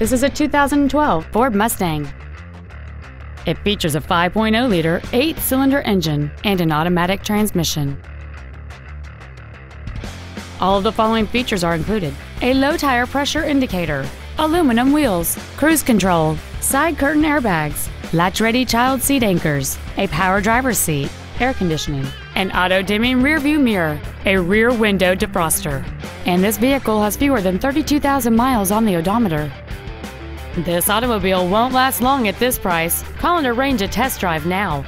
This is a 2012 Ford Mustang. It features a 5.0-liter eight-cylinder engine and an automatic transmission. All of the following features are included. A low tire pressure indicator, aluminum wheels, cruise control, side curtain airbags, latch-ready child seat anchors, a power driver's seat, air conditioning, an auto-dimming rearview mirror, a rear window defroster. And this vehicle has fewer than 32,000 miles on the odometer. This automobile won't last long at this price. Call and arrange a test drive now.